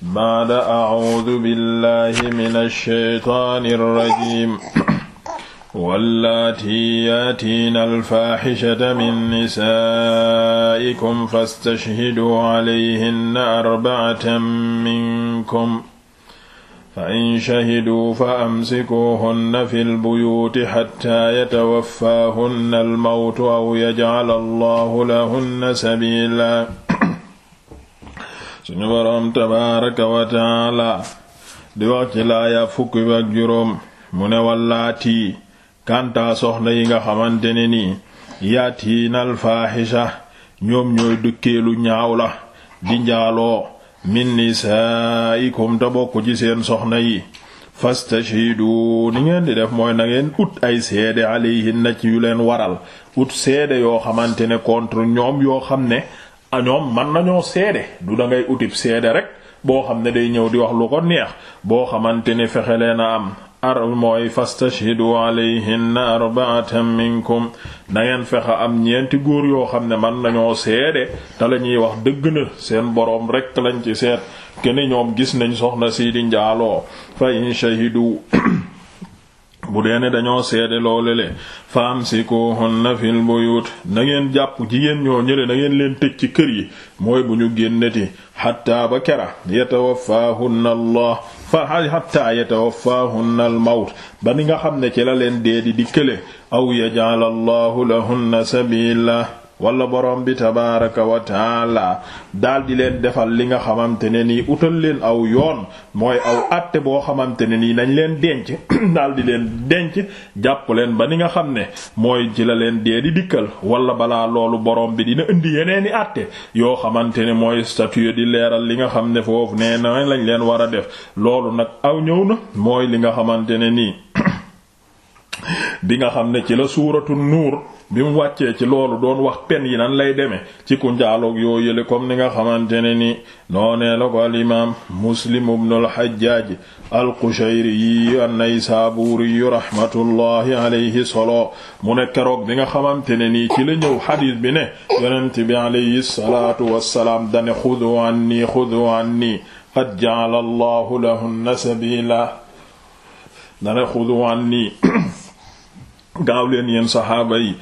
baada acuudu billahi min alshaytaani alrajim wallaati yaatiina alfaaxishata min nisaaikum fastashhiduu calayhinna arbacatan minkum fain shahiduu fa amsikuuhunna fi lbuyuuti xataa yatawafaahunna almawtu aw yajcal allahu lahunna sabiila suñu boroom tabaaraka wa taala di wax ci laaya fukki ak juróom mu ne wallaati kàntaa soxna yi nga xamante ne nii yaatiina alfaaxisha ñoom ñooy dukkeelu ñaaw la di njaaloo min nisaa'ikum te bokk ci seen soxna yi fastashidu ni ngeen di def mooy na ngeen ut ay seede alayhinna ci yu leen waral ut seede yoo xamante ne contre ñoom yoo xam ne añoom man nañoo seede du da ngay utib seede rek boo xam ne day ñëw di wax lu ko neex boo xamante ne fexe leen a am ar mooy fastashhidu alayhinna arba'atan minkum na ngeen fexe am ñeenti guur yoo xam ne man nañoo seede te la ñuy wax dëgg na seen boroom rek lañ ci seet kene ñoom gis nañ soxna si di njaaloo fa in shahidu bu dee ne dañoo seede loole le fa amsikuhunna fil buyut na ngeen jàpp jigéen ñoo ñële na ngeen leen tëj ci kër yi mooy bu ñu génneti xatta ba kera yatawaffahunna allah fa xatta yatawaffahunna al mawt ba ni nga xam ne ci la leen dee di dikkale aw yaj'al allahu lahunna sabila wala borom bi tabaaraka wa taala daal di leen defal li nga xamante ne nii utal leen aw yoon mooy aw àtte boo xamante ne nii nañ leen denc daal di leen denc jàpp leen ba ni nga xam ne mooy ci la leen dee di dikkal wala balaa loolu borom bi dina indi yeneen i àtte yoo xamante ne mooy statut di leeral li nga xam ne foofu nee na lañ leen war a def loolu nag aw ñëw na mooy li nga xamante ne nii. bi nga xam ne ci la suuratu nuur bi mu wàccee ci loolu doon wax pen yi nan lay demee ci ku njaaloog yoo yële comme ni nga xamante ne ni noonee la ko al imaam muslim ibnu al hajjaaj al qushayri yi an-naysaabuuri yu rahmatullahi alayhi solo mu ne keroog bi nga xamante ne nii ci la ñëw xadiis bi ne yonent bi alayhi salaatu wassalaam dane xudu anni xudu anni qad ja'ala allahu lahunna sabiila dane xudu anni gaaw leen yéen saxaaba yi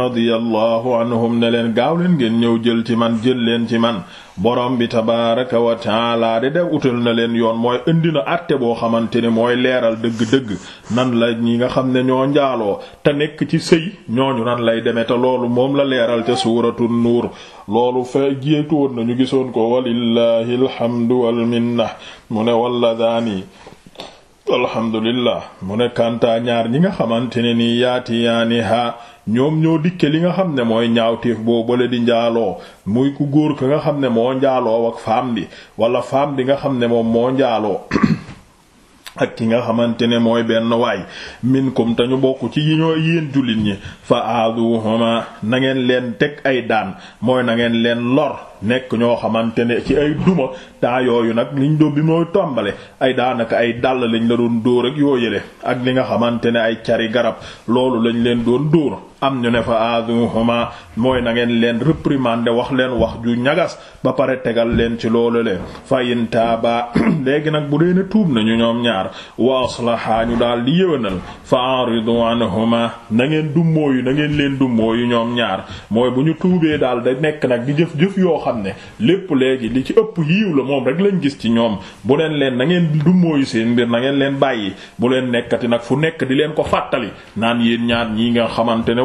radiyallahu anhum ne leen gaaw leen ngeen ñëw jël ci man jël leen ci man boroom bi tabaaraka wa taala de def utal na leen yoon mooy indi na àtte boo xamante ne mooy leeral dëgg-dëgg nan la ñi nga xam ne ñoo njaaloo te nekk ci sëy ñooñu nan lay demee te loolu moom la leeral ca suuratu nuur loolu fee jiitu woon nañu gisoon ko walillahi alhamdu wal minna mu ne walla daani alhamdulillah mu ne kàntaa ñaar ñi nga xamante ne nii yaati yaani ha ñoom ñoo dikke li nga xam ne mooy ñaawteef boobale di njaaloo muy ku góor ka nga xam ne moo njaaloo ak faam bi wala faam bi nga xam ne moom moo njaaloo ak ki nga xamante ne mooy benn waay minkum te ñu bokk ci yi ñoo yéen jullit ñi fa aaduhuma na ngeen leen teg ay daan mooy na ngeen leen lor nekk ñoo xamante ne ci ay duma temps yooyu nag liñ do bi mooy tombale ay daanaka ay dàll lañ la doon dóor ak yoo yële ak li nga xamante ne ay cari garab loolu lañ leen doon dóor am ñu ne fa azuhuma mooy na ngeen leen réprimander wax leen wax ju ñagas ba pare tegal leen ci loolu leen fa in taaba léegi nag bu dee ne tuub nañu ñoom ñaar waa aslaha ñu daal di yëwénal fa aridu anhuma na ngeen dummóoyu na ngeen leen yu ñoom ñaar mooy bu ñu tuubee daal da nekk nag di jëf-jëf yoo xam ne lépp léegi li ci ëpp yiiw la moom rek lañ gis ci ñoom bu leen leen na ngeen dummóoyu seen mbir na leen bàyyi bu leen nekkati nag fu nekk di leen ko fàttali naan yéen ñaar ñi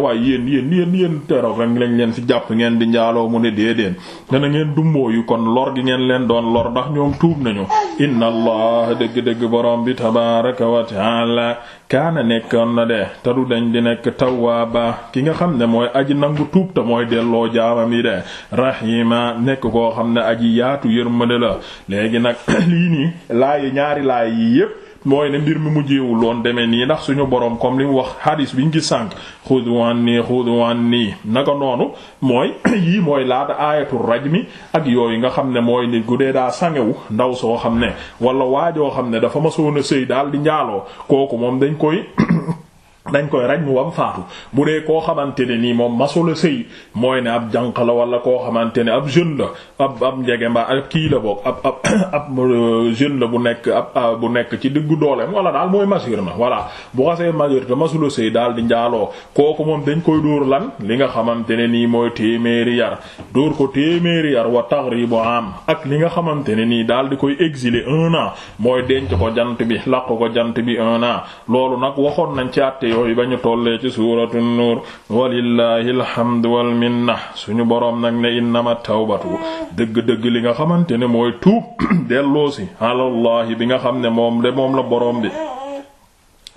waaye yéen yéen yéen yéen teroog rek lañ leen fi jàpp ngeen di njaaloo mu ne déedéen dana ngeen dumboo yu kon lor gi ngeen leen doon lor ndax ñoom tuub nañu inna allah dëgg-dëgg borom bi tabaraka wa taala kaana nekkoon na de te du dañ di nekk tawwaaba ki nga xam ne mooy aji nangu tuub te mooy delloo jaamam yi de rahima nekk koo xam ne aji yaatu yërmande la nag lii nii laayi ñaari laay yi yépp mooy ne mbir mi mujjeewul woon demee nii ndax suñu borom comme li mu wax hadis bi ñu gis sànq xudu anni wan anni naka noonu mooy yii mooy laata raj mi ak yooyu nga xam ne mooy nit gu dee daa sangewu ndaw soo xam ne wala waajoo xam ne dafa ma soon a sëy daal di njaaloo kooku moom dañ koy dañ koy raj mu wam faatu bu dee koo xamante ne nii moom masula sëy mooy ne ab jànq la wala koo xamante ne ab jeune la ab ab njege mbaa ab kii la boog ab ab ab euh, la bu nekk ab bu nekk ci diggu dooleem wala daal mooy masur na voilà bu xasee masur te masula daal di njaaloo kooku moom dañ koy dóor lan li nga xamante ne nii mooy téeméeri yar dóor ko téeméeri yar wa taghribu am ak li nga xamante ne nii daal di koy exiler un an mooy denc ko jant bi laq ko jant bi un an loolu nag waxoon nañ ci àtte yooyu ba ñu tollee ci suuratu nuur walillahi alhamdu wal minna suñu boroom nag ne innama tawbatu dëgg-dëgg li nga xamante ne mooy tuub delloosi alallahi bi nga xam ne moom de moom la boroom bi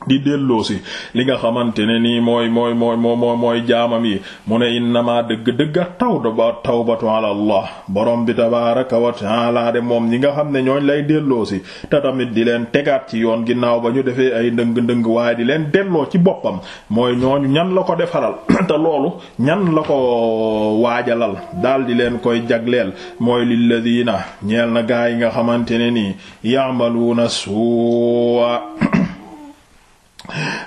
di si li nga xamante ne nii mooy mooy mooy mooy jaamam yi mu ne innamaa dëgg-dëgg a taw daba tawbatu ala allah borom bi tabaaraka wa taala de moom ñi nga xam ne ñooñ lay delloosi te tamit di leen tegaat ci yoon ginnaaw ba ñu defee ay dëng dëng waaye di leen delloo ci boppam mooy ñooñu ñan la ko defaral te loolu ñan la ko waajalal daal di leen koy jagleel mooy lilladiina ñeel na gaa yi nga xamante ne nii ya'maluuna su'a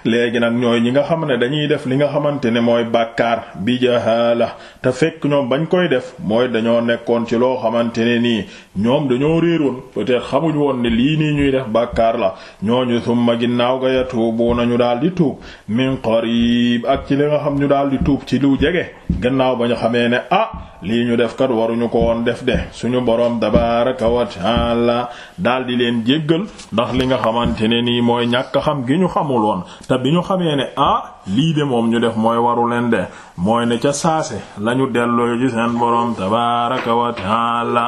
léegi nag ñooy ñi nga xam ne dañuy def li nga xamante ne mooy bàkkaar bi jahaala te fekk ñoom bañ koy def mooy dañoo nekkoon ci loo xamante ne nii ñoom dañoo réeroon peut-être xamuñ woon ne lii nii ñuy def bàkkaar la ñoo ñooñu summa ginnaaw ga yatuubu nañu daal di tuub min qarib ak ci li nga xam ñu daal di tuub ci lu jege gannaaw ba ñu xamee ne ah lii ñu def kat waruñu ko woon def de suñu boroom tabaraka wa taala daal di leen jéggal ndax li nga xamante ne nii ñàkk xam gi ñu xamul woon te bi ñu xamee ne ah lii de moom ñu def mooy waru leen de mooy ne ca saase lañu delloo ci seen boroom tabaaraka wa taala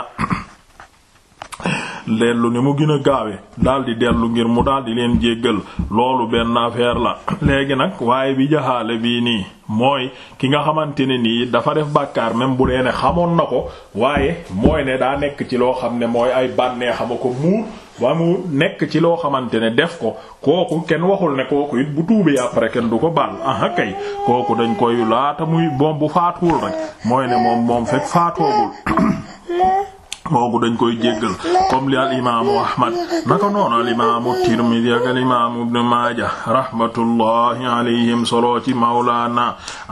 dellu ni mu gën a gaawe daal di dellu ngir mu daal di leen jéggal loolu benn affaire la léegi nag waaye bi jaxaale bii nii mooy ki nga xamante ne nii dafa def bàkkaar même bu dee ne xamoon na ko waaye mooy ne daa nekk ci loo xam ne mooy ay bànnee xama ko muur wa mu nekk ci loo xamante ne def ko kooku kenn waxul ne kooku it bu tuubee après kenn du ko baal aha kay kooku dañ koy laata muy boom bu faatuwul rek mooy ne moom moom fekk faatoogul kooku dañ koy jéggal comme li al imaamu ahmad naka noonu al imaamu tirmidi ak al imaamu ibnu maaja rahmatullahi alayhim solo ci mawlaana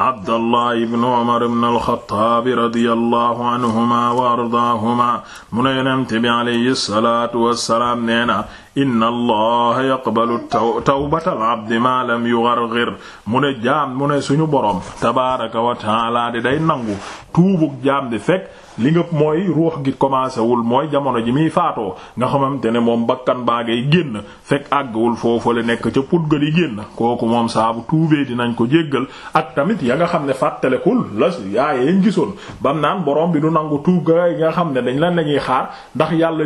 abdallah ibnu umar ibnu alxataabi radiyallahu anhuma wa ardaahuma mu ne yonent bi alayhi salaatu wassalaam nee na inna allaha yaqbalu tawbatal abdi ma lam yugharghir mu ne jaam mu ne suñu boroom tabaaraka wa ta'ala di day nangu tuubug jaam di fekk li nga mooy ruux gi commencé wul mooy jamono ji muy faatoo nga xamante ne moom bakkan baa ngay génn fekk àggwul foofu la nekk ca put ga di génn kooku moom saabu tuubee dinañ ko jéggal ak tamit ya nga xam ne fàttalekul la yaaye yañ gisoon bam naan borom bi du nangu tuub ga nga xam ne dañ lan la ñuy xaar ndax yàlla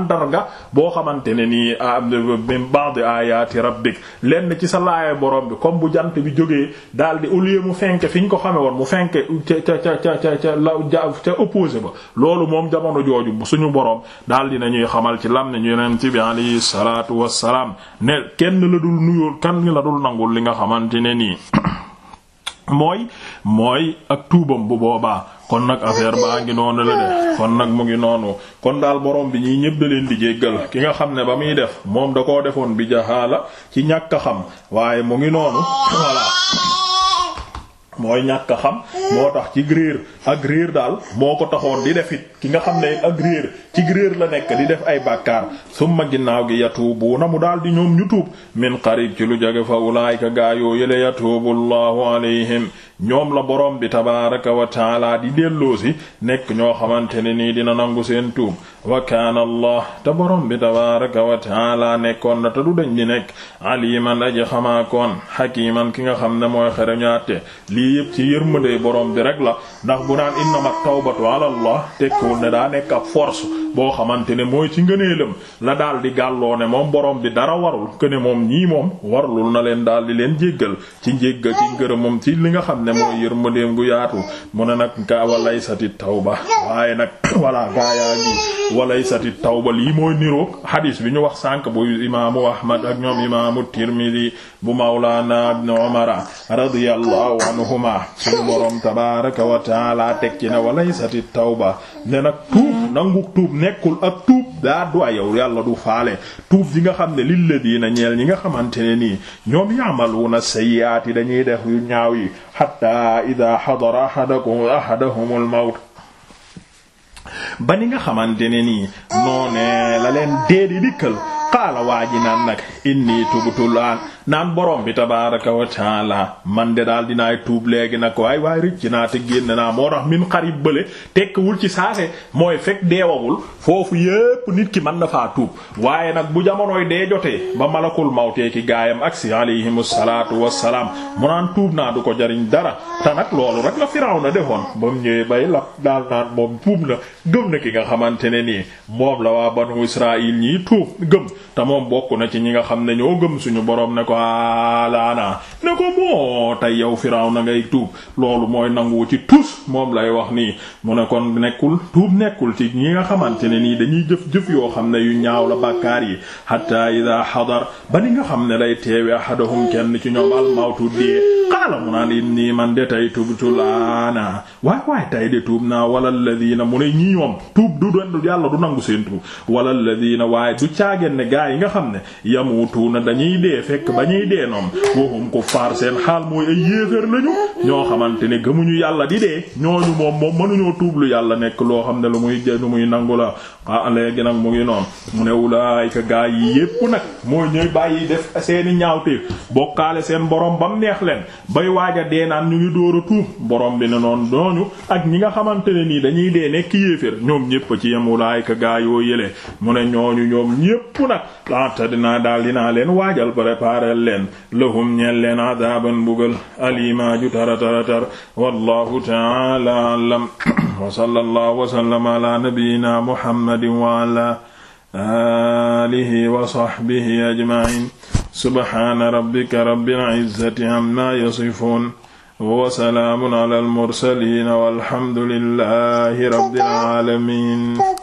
màndarga boo xamante ne nii ah, min ba'di ayati rabbik lenn ci sa laaya borom bi comme bu jant bi jógee daal di au mu fenk fi ñu ko xame woon mu fenk ca ca ca ca ca ca opposé ba loolu moom jamono jooju suñu borom daal dina ñuy xamal ci lam ne ñu yonent bi alayhi salaatu wassalaam ne kenn la dul nuyoo kan la nangul li nga xamante ne nii mooy mooy ak tuubam bu boobaa kon nag affaire baa ngi noonu la de kon nag mu ngi noonu kon daal borom bi ñii ñëpp da leen di jéggal ki nga xam ne ba muy def moom da koo defoon bi jahaala ci ñàkk xam waaye mu ngi noonu mooy ñàkk xam moo tax ci réer ak réer daal moo ko taxoon di def ki nga xam ne ak réer ci réer la nekk di def ay bàkkaar summa ginnaaw gi yatuubu na mu daal di ñoom ñu tuub min qarib ci lu jege fa ulaayika gaa yële yatuubu allahu ñoom la borom bi tabaaraka wa taala di delloosi nekk ñoo xamante ne nii dina nangu seen tuub wa kaana allah te borom bi tabaaraka wa taala nekkoon na te du dañ di nekk aliman aji xamaakoon hakiman ki nga xam ne mooy xereñaate lii yëpp ci yërmandey borom bi rek la ndax bu naan innama tawbatu ala allah tekkiwul ne daa nekk ab force boo xamante ne mooy ci ngëneelam la daal di ne moom borom bi dara warul que ne moom ñii moom warlul na leen daal di leen jéggal ci ne mooy yërmandeem gu yaatu mu ne nag gaa walaysati tawba waaye nag walla gaa yaa ngi walaysati tawba lii mooy niroog hadis bi ñu wax sànk bu imaamu ahmad ak ñoom imaamu tirmidi bu mawlaana ibn umara radiyallahu anhuma suñu boroom tabaaraka wa taala teg ci ne walaysati tawba ne nag tuub nangu tuub nekkul ak tuub daa du yow yàlla du faale tuub yi nga xam ne lilladiina ñeel ñi nga xamante ne nii ñoom ya'maluna yi dañuy dex yu ñaaw yi xatta ida xadara ahadakum ahadahum al mawt ba ni nga xamante ne nii noonee la leen dee di dikkal qaala waa ji naan nag inni tubtu laan naan borom bi tabaaraka wa taala man de daal dinaay tuub léegi nag waay waay rëcc naa te génn naa moo tax min xarib bële tekkiwul ci saase mooy fekk deewagul foofu yépp nit ki man na faa tuub waaye nag bu jamonoy dee jotee ba malakul mawtee ki gaayam aksi alayhimu salaatu wassalaam mu naan tuub naa du ko jariñ dara te nag loolu rek la Firawna defoon ba mu ñëwee bay lap daal naan moom tuub na gëm na ki nga xamante ne nii moom la waa banu Israayil bokk na ci ñi nga xam ne ñoo gëm suñu borom taala na ne ko moo tey yow firaw na ngay tuub loolu mooy nangu ci tus moom lay wax nii mu ne kon nekkul tuub nekkul ci ñi nga xamante ne nii dañuy jëf-jëf yoo xam ne yu ñaaw la bàkkaar yi hatta ida xadar ba ni nga xam ne lay teewe ahadahum kenn ci ñoom almawtu dee qaala mu man de tey tubtu laana waay waay tey de tuub naa wala alladina mu ne ñi ñoom tuub du du yàlla du nangu seen tuub wala alladina waaye du caageen gaa yi nga xam ne yamutuuna dañuy dee fekk ba ñuy dee noonu wahum kuffaar seen xaal mooy ay yéeféer lañu ñoo xamante ne gëmuñu yàlla di dee ñooñu moom moom mënuñoo tuub lu yàlla nekk loo xam ne lu muy lu muy nangu la ah léegi nag mu ngi noonu mu ne wulaayika gaa yi yépp nag mooy ñooy bàyyi def seeni ñaawteef bokkaale seen borom bam neex leen bay waaj a dee naan ñu ngi dóor a tuub borom bi ne noonu ñooñu ak ñi nga xamante ne nii dañuy dee nekk yéeféer ñoom ñépp ci yem wulaayika gaa yoo yële mu ne ñooñu gaaral leen lahum ñeel leen adaaban bugal alima ju tara tara tar wallahu taala alam wa sallallahu wa sallama ala nabiyyina muhammadin wa ala alihi wa sahbihi ajma'in subhana rabbika rabbil izzati amma yasifun wa salaamun ala al mursalin walhamdulillahi rabbil alamin